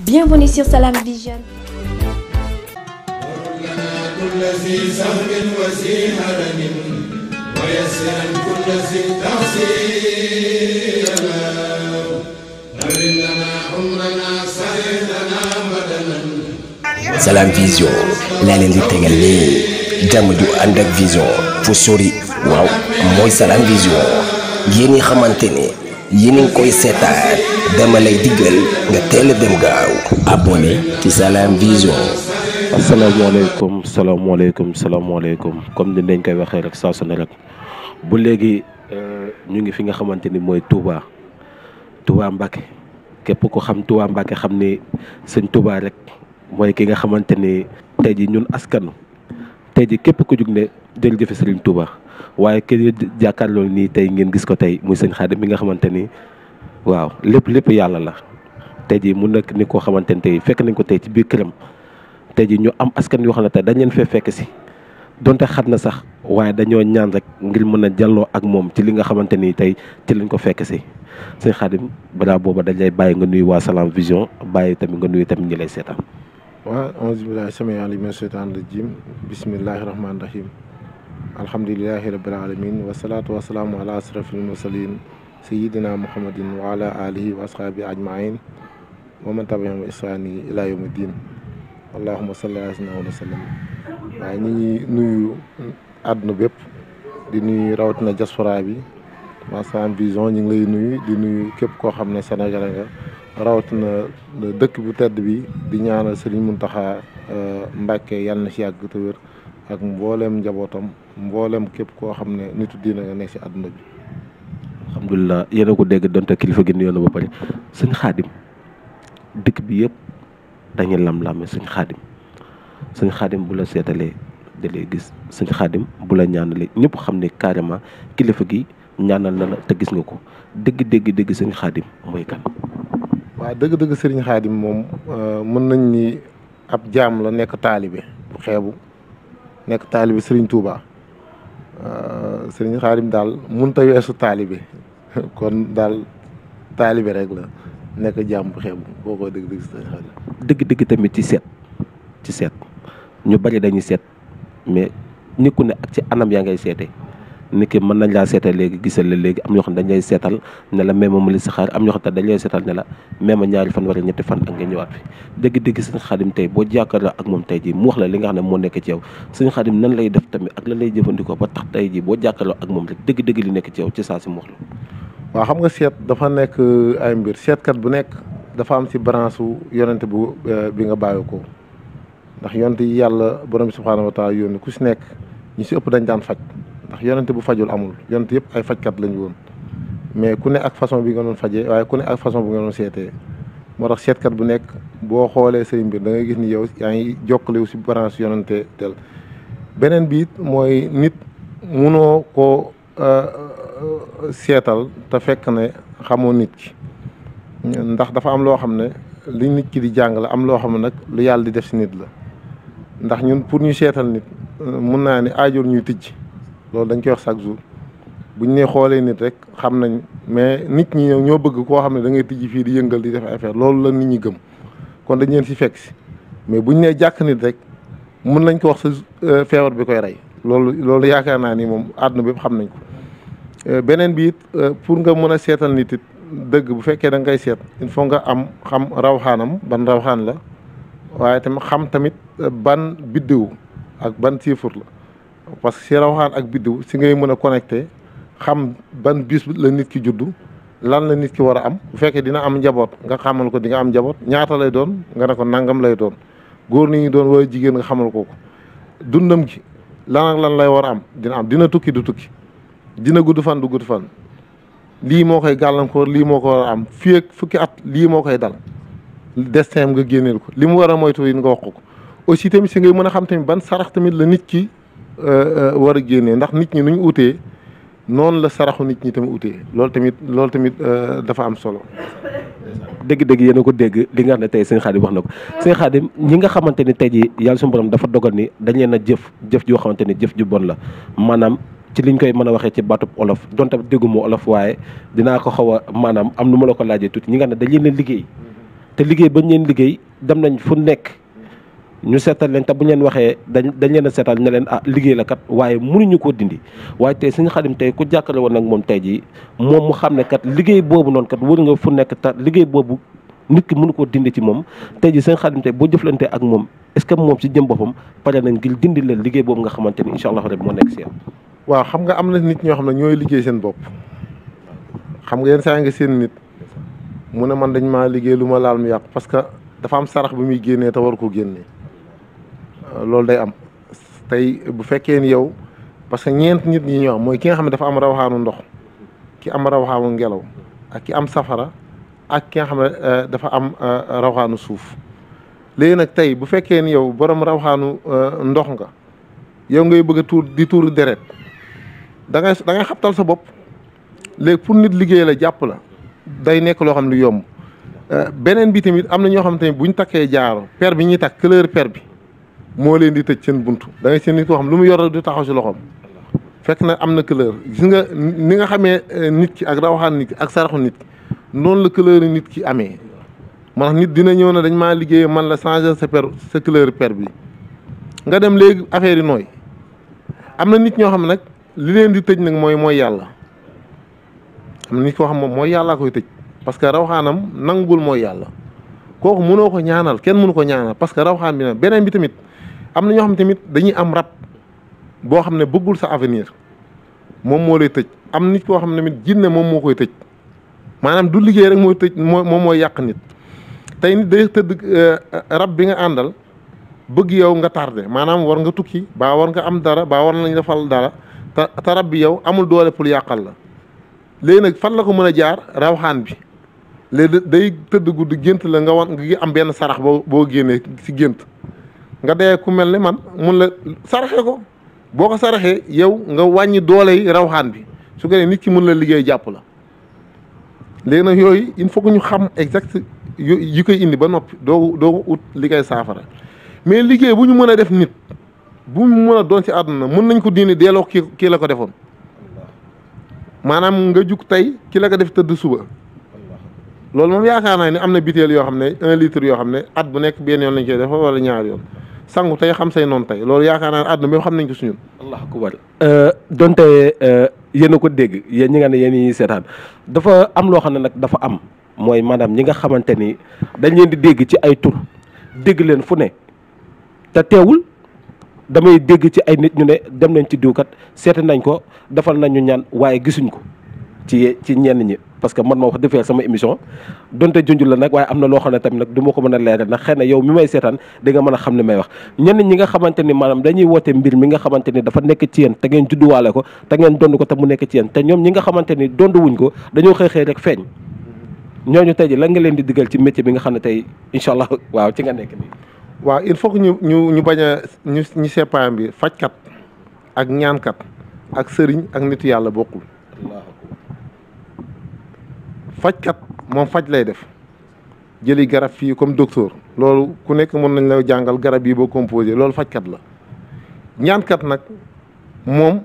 Bienvenue sur Salam Vision. Salam Vision laa leen di tegal nii jàmm ju ànd ak vision fu sori waaw mooy Salam Vision yéen ñi xamante ni. yi ni koy seetaan dama lay diggal nga teel a dem gaaw abonné ci Salam Vision asalaamaaleykum salaamaaleykum salaamaaleykum comme ni lañ koy waxee rek saa su ne rek bu léegi euh, ñu ngi fi nga xamante ni mooy Touba Touba Mbacké képp ko xam Touba Mbacké xam ni sëñ Touba rek mooy ki nga xamante ni tey ji ñun askanu tey ji képp ku jug ne jërëjëf Serigne Touba waaye kër jàkkaarloo nii tey ngeen gis ko tey muy sëñ Xaadim mi nga xamante ni waaw lépp lépp yàlla la tey jii mu nekk ni koo xamante ni tey fekk nañ ko tey ci biir këram tey jii ñu am askan yoo xam ne tey dañ leen fee fekk si donte xat na sax waaye dañoo ñaan rek ngir mën a jàlloo ak moom ci li nga xamante ni tey ci lañ ko fekk si sëñ Xaadim balaa booba dañ lay bàyyi nga nuyu waa Salam Vision bàyyi tamit nga nuyu tamit ñi lay seetaan. waaw auzu billaahi samiiʿil aliim mina sheytaani rajiim alhamdulilahi rabbil alamin wasalaatu wasalaamu ala asrafil mursalin sayidina muhammadin wa ala alihi wa ashaabi ajmain wa man tabiahum isaani ila yawmi din allahuma salli ala sayyidina wa sallam waaye ñu ngi nuyu àdduna bépp di nuyu rawatina diaspora bi Salam Vision ñu ngi lay nuyu di nuyu képp koo xam ne Sénégal nga rawatina dëkk bu tedd bi di ñaanal Serigne Mountakha euh, Mbacké yàlla na ci yàgg te wér ak mbooleem njabootam mboolem képp koo xam ne nitu diina nga nekk si àdduna bi. alhamdulilah yéen a ko dégg donte kilifa gi nuyoo na ba pare sëñ xaadim dëkk bi yëpp dañuy lam-lame sëñ xaadim sëñ xaadim bu la seetalee da gis sëñ xaadim bu la ñaanalee ñëpp xam ne carrément kilifa gi ñaanal na la te gis nga ko dëgg dégg dëgg sëñ xaadim mooy kan. waaw dëgg-dëgg sëriñ xaadim moom euh, mën nañ ni ab jaam la nekk taalibe bu xeebu nekk taalibe sëriñ Touba. Euh, sëriñ xaadim daal mënut a weesu taalibe kon daal taalibe rek la nekk jàmm xeebu dëgg dëgg sëriñ tamit ci seet ci seet ñu bari dañuy seet mais nekku ne ak ci anam yaa ngay seetee nit ki mën nañ laa seetal léegi gisal la léegi am ñoo xam dañ lay seetal ne la même mu li si xaar am ñoo xam ne dañ lay seetal ne la même ñaari fan wala ñetti fan ak nga ñëwaat fi dëgg-dëgg sëñ xaadim tey boo jàkkaarloo ak moom tey ji mu wax la li nga xam ne moo nekk ci yow sëñ xaadim nan lay def tamit ak lan lay jëfandikoo ba tax tey ji boo jàkkaarloo ak moom rek dëgg-dëgg li nekk ci yow ci saa si mu wax la waaw xam nga seet dafa nekk euh, ay mbir seetkat bu nekk dafa am si branche u yonente bu euh, bi nga bàyyi ko ndax yonent yi yàlla borom bi subhaanahu wa taala yónni ku si nekk ñu si ëpp dañ daan faj ndax bu fajul amul yonent yëpp ay fajkat lañu woon mais ku ne ak façon bi nga doon fajee waaye ku ne ak façon bi nga doon seetee moo tax seetkat bu nekk boo xoolee say mbir da ngay gis ni yow yaa ngi jokkalewu si branche yonante tel beneen biit mooy nit munoo ko euh, euh, seetal te fekk ne xamoo nit ki ndax dafa am loo xam ne li nit ki di jàng la am loo xam ne nag lu yàlla di def si nit la ndax ñun pour ñu seetal nit mun naa ne aajoor ñuy tijj loolu dañ koy wax chaque jour bu ñu ne xoolee nit rek xam nañ mais nit ñi ñoo bëgg koo xam ne da ngay tijji fii di yëngal di def affaire loolu la nit ñi gëm kon dañ leen si fekk si mais buñ nee jàkk nit rek mun nañ ko wax sa euh, feebar bi koy rey loolu loolu yaakaar naa ni moom àdduna bépp xam nañ ko euh, beneen bi it euh, pour nga mën a seetal nit it dëgg bu fekkee da koy seet il faut nga am xam rawxaanam ban rawxaan la waaye tamit xam tamit ban biddiw ak ban siifur la parce que si rawaxaan ak biddiw si ngay mën a connecté xam ban bis la nit ki juddu lan la nit ki war a am bu fekkee dina am njaboot nga xamal ko di am njaboot ñaata lay doon nga ne ko nangam lay doon góor ni ñu doon wala jigéen nga xamal ko ko dundam gi lan lan lay war a am dina am dina tukki du tukki dina gudd fan du gudd fan lii moo koy gàllankoor lii moo ko war a am fii fukki at lii moo koy dal destin nga génneel ko li mu war a moytu yi nga wax ko aussi tamit si ngay mën a xam tamit ban sarax tamit la nit ki Euh, war a génnee ndax nit ñi nuñ utee noonu la saraxu nit ñi tamit utee loolu tamit loolu tamit euh, dafa am solo. dégg-dégg yéen a ko dégg li nga xam ne tey sëñ Xaadim wax na ko sëñ Xaadim ñi nga xamante ni tey jii yàlla suñu borom dafa dogal ni dañ leen a jëf jëf joo xamante ni jëf ju bon la maanaam ci liñ koy mën a waxee ci baatu olof donte dégguma olof waaye dinaa ko xaw a maanaam am nu ma la ko laajee tuuti ñi nga xam ne dañ leen a liggéey te liggéey bañ leen liggéey dem nañ fu nekk ñu seetal leen te bu ñu waxee dañ dañ leen seetal ne leen a ah, liggéey la kat waaye mënuñu koo dindi waaye tey suñu xadim tey ku jàkkale woon nag moom tey jii moom mu xam ne kat liggéey boobu noonu kat wër nga fu nekk te liggéey boobu nit ki mënu koo dindi ci moom tey jii suñu xadim boo jëflante ak moom est-ce que moom si jëm boppam pare nañ ngir dindi leen liggéey boobu nga xamante ni incha allah rek moo nekk si yow. xam nga am na nit ñoo xam ne ñooy liggéey seen bopp xam nga yenn saa nga seen nit mu ne man dañ maa liggéey lu ma laal mu yàqu parce que dafa am sarax bi muy génnee te war koo génnee loolu day am tey bu fekkee ni yow parce que ñeent nit ñi ñu am mooy ki nga xam ne dafa am rawaxaanu ndox ki am rawaxaanu ngelaw ak ki am safara ak ki nga xam ne euh, dafa am euh, rawaxaanu suuf léegi nag tey bu fekkee ni yow borom rawaxaanu euh, ndox nga yow ngay bëgg a tuur di tuur deret da ngay da ngay xabtal sa bopp léegi pour nit liggéey la jàpp la day nekk loo xam ne lu yomb beneen bi tamit am na ñoo xam bu ñu takkee jaaro per bi ñuy takk couleur per bi moo leen di tëj seen bunt da ngay seen nit koo xam lu mu yor du taxaw si loxoom fekk na am na couleur gis nga ni nga xamee eh, nit ki ak rawaxaan nit ak saraxu nit ki noonu la couleur nit ki amee moo tax nit dina ñëw ne dañ maa liggéey man la changer sa per sa couleur per bi nga dem léegi affaire yi nooy am na nit ñoo xam nag li leen di tëj nag mooy mooy yàlla am na nit koo xam moom mooy yàllaa koy tëj parce que rawaxaanam nangul mooy yàlla kooku mënoo ko ñaanal kenn mënu ko ñaanal parce que rawaxaan bi nag beneen bi tamit am na ñoo xam tamit dañuy am rab boo xam ne bëggul sa avenir moom moo lay tëj am nit koo xam ne tamit jinne moom moo koy tëj maanaam du liggéey rek mooy tëj moo moom mooy yàq nit tey nit day tëdd euh, rab bi nga àndal bëgg yow nga tardé maanaam war nga tukki ba war nga am dara ba war nañ defal dara te te rab bi yow amul doole pour yàqal la léegi nag fan la ko mën a jaar rawxaan bi léegi day tëdd guddi gént la nga wan nga am benn sarax boo boo génnee si gént nga dee ku mel ne man mun la saraxe ko boo ko saraxee yow nga wàññi doole yi rawxaan bi su ko nit ci mën la liggéey jàpp la léegi nag yooyu il faut ñu xam exact yi koy indi ba noppi doo doogu ut li saafara mais liggéey bu ñu mën a def nit bu mu mën a doon ci àdduna mën nañ ko diini delloo kii kii la ko defoon maanaam nga jug tey ki la ko def tëdd suba loolu moom yaakaar naa ni am na biteel yoo xam ne un litre yoo xam ne at bu nekk benn yoon lañ koy def wala ñaar yoon sangu tey xam say noonu tey loolu yaakaar naa ne àdduna bi xam nañ ko suñu. allah akbar euh, donte euh, yéen a ko dégg yéen ñi nga ne yéen yi seetaan dafa am loo xam ne nag dafa am mooy maanaam ñi nga xamante ni dañ leen di dégg ci ay tur dégg leen fu ne te teewul damay dégg ci ay nit ñu ne dem nañ ci diw kat seeti nañ ko defal nañu ñaan waaye gisuñ ko. ci ci ñenn ñi parce que man ma wax dëgg sama émission donte junj la nag waaye am na loo xam ne tamit nag du ma ko mën a leeral nag xëy na yow mi may seetaan di nga mën a xam ne may wax ñenn ñi nga xamante ni maanaam dañuy woote mbir mi nga xamante ni dafa nekk ci yéen te ngeen judduwaale ko te ngeen dond ko te mu nekk ci yéen te ñoom ñi nga xamante ni dond ko dañoo xëy xëy rek feeñ ñooñu tey ji lan nga leen di digal ci métier bi nga xam ne tey incha allah waaw ci nga nekk nii. waaw il faut ñu ñu ñu bañ a ñu ñu séparer bi fajkat ak ñaankat ak sëriñ ak nitu yàlla bokkul fajkat moom faj lay def jëli garab fii comme docteur loolu ku nekk mën nañ la jàngal garab yi boo composé loolu fajkat la ñaankat nag moom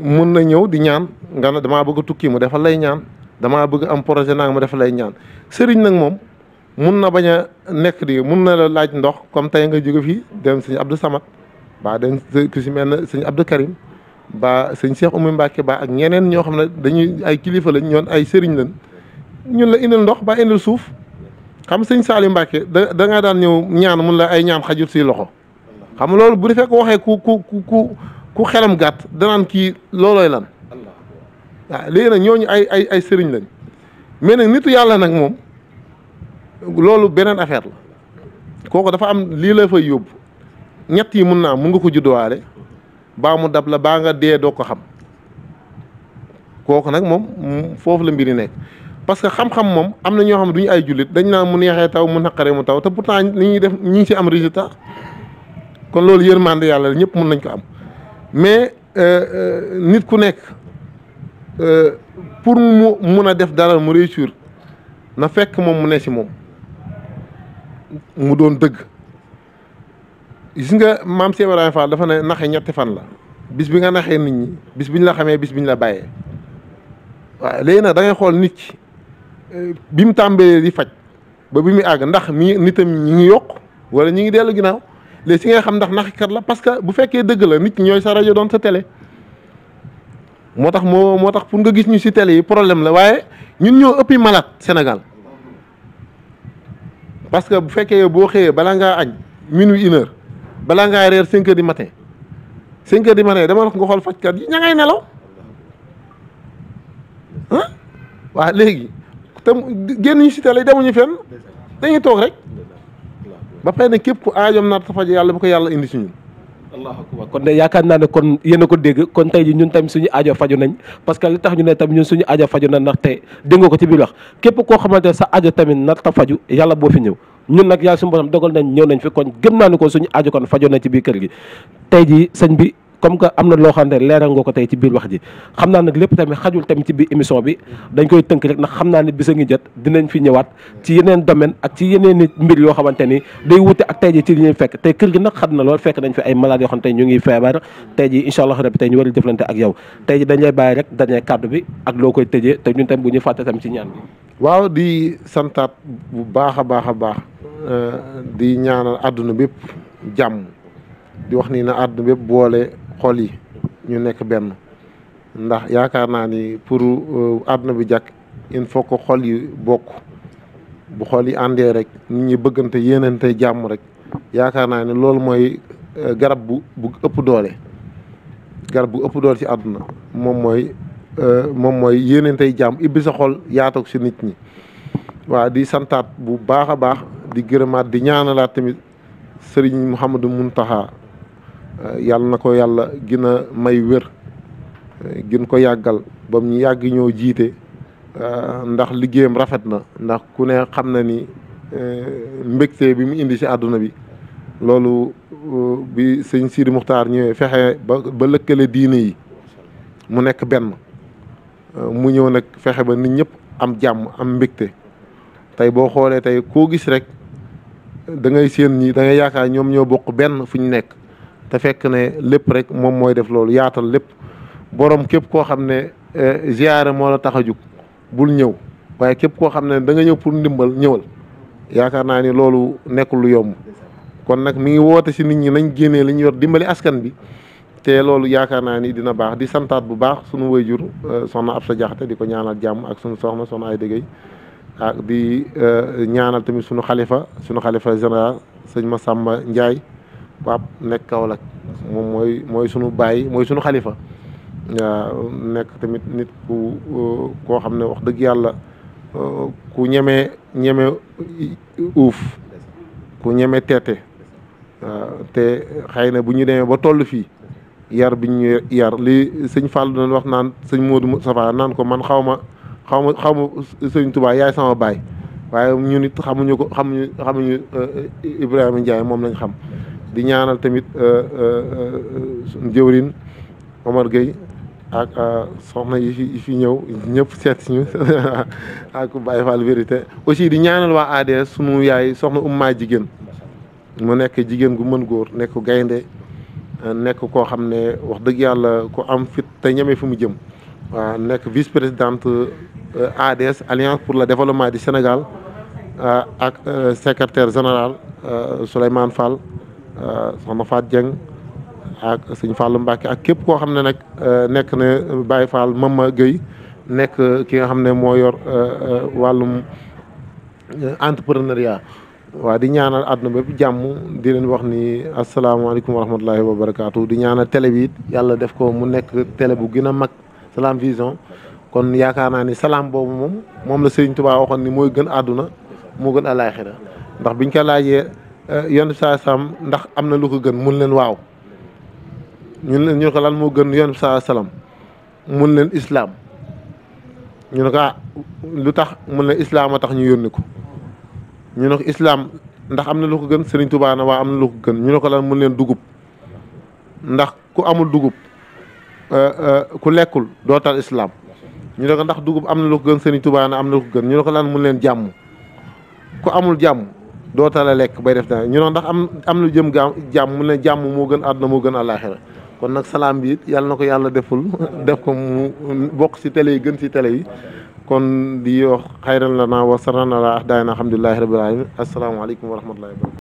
mun na ñëw di ñaan nga ne damaa bëgg a tukki mu defal lay ñaan damaa bëgg am projet naa mu defal lay ñaan sëriñ nag moom mun na bañ a nekk di mun na la laaj ndox comme tey nga jóge fii dem sëñ Abdou Samad baa dem ku si mel ne sëñ Abdou Karim baa sëñ Cheikh Oumy Mbacke baa ak ñeneen ñoo xam ne dañuy ay kilifa lañ ñoon ay sëriñ lañ ñun la indil ndox ba indil suuf xam sëñ Saali Mbàkke da da daan ñëw ñaan mun la ay ñaan xajut si loxo xam loolu bu defee ko waxee ku ku ku ku xelam gàtt danaan kii loolooy lan waaw léegi nag ñooñu ay ay ay sëriñ lañ mais nag nitu yàlla nag moom loolu beneen affaire la kooku dafa am lii la fay yóbbu ñett yi mun naa mun nga ko judduwaale baa mu dab la baa nga dee doo ko xam kooku nag moom foofu la mbiri nekk parce que xam-xam moom am na ñoo xam ne du ay jullit dañ naa mu neexee taw mu naqaree mu taw te pourtant ni ñuy def ñi ngi ci am résultat kon loolu yér yërmande yàlla la ñëpp mun nañ ko am mais euh, euh, nit ku nekk euh, pour mu mun a def dara mu réussir na fekk moom mu ne si moom mu doon dëgg gis nga maam Cheikh Ibrahima Fall dafa ne naxe ñetti fan la bis bi nga naxee nit ñi bis bi ñu la xamee bis bi ñu la bàyyee waaw léegi nag dangay xool nit ki bi mu tàmbalee di faj ba bi mu àgg ndax mi nitam ñi ngi yokk wala ñi ngi dellu ginnaaw léegi si nga xam ndax naxkat la parce que bu fekkee dëgg la nit ñooy sa rajo doon sa télé. moo tax moo moo tax pour nga gis ñu si télé yi problème la waaye ñun ñoo ëppi malade Sénégal parce que bu fekkee boo xëyee balaa ngaa añ minuit une heure balaa ngaa reer cinq heures du matin cinq heures du matin dama wax nga xool fajkat yi ña ngay nelaw waa léegi. te génn ñu si télé yi demuñu fenn dañuy toog rek ba pay na képp ku aajoom naata faj yàlla bu ko yàlla indi si ñun. allahu akbar kon yaakaar naa ne kon yéen ko dégg kon tey ji ñun tamit suñu aajo faju nañ parce que li tax ñu ne tamit ñun suñu aajo faju nañ ndax tey dégg ko ci biir wax képp koo xamante sa aajo tamit naata faju yàlla boo fi ñëw ñun nag yàlla suñu borom dogal nañ ñëw nañ fi kon gëm naa ne kon suñu aajo kon fajoo nañ ci biir kër gi tey ji sëñ bi comme que am na loo xam ne leeral nga ko tey ci biir wax ji xam naa nag lépp tamit xajul tamit ci biir émission bi dañ koy tënk rek ndax xam naa ne bis a ngi jot dinañ fi ñëwaat ci yeneen domaine ak ci yeneen i mbir yoo xamante ni day wute ak tey ji ci li ñuy fekk tey kër gi nag xat na lool fekk nañ fi ay malade yoo xam ne ñu ngi feebar tey ji incha allah rabbi tey ñu war a jëflante ak yow tey ji dañ lay bàyyi rek dernier kàddu bi ak loo koy tëjee te ñun tamit bu ñu fàtte tamit ci ñaan bi waaw di bu baax a baax a baax euh, di ñaanal àdduna bépp jàmm di wax ni na àdduna bépp boole xol yi ñu nekk benn ndax yaakaar naa ni pour euh, àdduna bi jàkk il faut que xol yi bokk bu xol yi àndee rek nit ñi bëggante yéenante jàmm rek yaakaar naa ni loolu mooy euh, garab bu ëpp doole garab bu ëpp dool ci àdduna moom mooy euh, moom mooy yéenante jàmm ibbi sa xol yaatoog si nit ñi waa di santaat bu baax a baax di gërëmaat di ñaanalaat tamit sëriñ Mouhamadou Mountakha Eh, yàlla na ko yàlla gën a may wér eh, gën ko yàggal ba mu yàgg ñoo jiite eh, ndax liggéeyam rafet na ndax ku ne xam na ni mbégte bi mu indi si àdduna bi loolu bi sëñ Sidi Muxtaar ñëwee fexe ba ba lëkkale diine yi mu nekk benn mu ñëw nag fexe ba nit ñëpp am jàmm am mbégte tey boo xoolee tey koo gis rek dangay séen ñi da ngay yaakaar ñoom ñoo bokk benn fu ñu nekk te fekk ne lépp rek moom mooy def loolu yaatal lépp borom képp koo xam ne eh, ziyaare moo la tax a jug bul ñëw waaye képp koo xam ne da ñëw pour ndimbal ñëwal yaakaar naa ni loolu nekkul lu yomb kon nag mi ngi woote si nit ñi nañ génnee li ñu yor dimbali askan bi te loolu yaakaar naa ni dina baax di santaat bu baax suñu wayjur eh, soxna Absa Jaxate di ko ñaanal jàmm ak suñu soxna soxna ay dëggay ak di eh, ñaanal tamit suñu xalifa suñu xalifa général sëñ Massamba Ndiaye Pape nekk Kaolack moom mooy mooy sunu baay mooy suñu xalifa nekk tamit nit ku uh, koo xam ne wax dëgg yàlla uh, ku ñemee ñeme uuf ku ñeme teete waaw te xëy na bu ñu demee ba toll fii yar bi ñu yar li sëñ Fall doon wax naan sëñ Modou Safa naan ko man xaw ma xaw ma xaw sëñ Touba yaay sama baay waaye ñun it xamuñu ko xamuñu uh, Ibrahima Ndiaye moom lañ xam di ñaanal tamit euh, euh, euh, jëwrin Omar Gueye ak soxna yi fi yi ñëw ñëpp seet si ñu ak Baye Fall vérité aussi di ñaanal waa ADS sunu yaay soxna ummaa jigéen mu nekk jigéen gu mën góor nekk gaynde nekk koo xam ne wax dëgg yàlla ku am fit te ñeme fi mu jëm waaw nekk vice présidente ADS alliance pour le développement du Sénégal ak secretaire général Souleymane Fall ma euh, Faat Jeng ak sëñ Fallou Mbacke ak képp koo xam ne nag euh, nekk na Baye mam Mama Gueye nekk ki nga xam ne moo yor euh, wàllum entrepreneuriat waaw di ñaanal àdduna bépp jàmm di leen wax ni asalaamaaleykum wa rahmatulahi wa barakaatu di ñaanal télé bi yàlla def ko mu nekk télé bu gën a mag salaam Vision kon yaakaar naa ni salaam boobu moom moom la Sëriñ Tuubaa waxoon ni mooy gën àdduna moo gën alaaxira ndax biñ ko laajee yoon saa salaam ndax am na lu ko gën mun leen waaw ñun leen ñu ne ko moo gën yoon saa salaam mun leen islaam ñu ne ah, lu tax mun leen islaam a tax ñu yónni ko ñu ne ko islaam ndax am na lu ko gën Serigne Touba waa am na lu gën ñu ne lan mun leen dugub ndax ku amul dugub eh, eh, ku lekkul doo tal islaam ñu ne ndax dugub am na lu ko gën Serigne Touba am na lu ko gën ñu ne ko lan mun leen jàmm ku amul jàmm. doo tala lekk bay def dara ñu noon ndax am am lu jëm gaa jàmm mu ne jàmm moo gën àdduna moo gën àllaaxira kon nag salaam bi yàlla na ko yàlla deful def ko mu bokk si télé yi gën ci télé yi kon di wax xayral la naa wa saran ala ahdaana alhamdulilahi rabbil alamin asalaamaaleykum wa rahmatullahi wa barakatu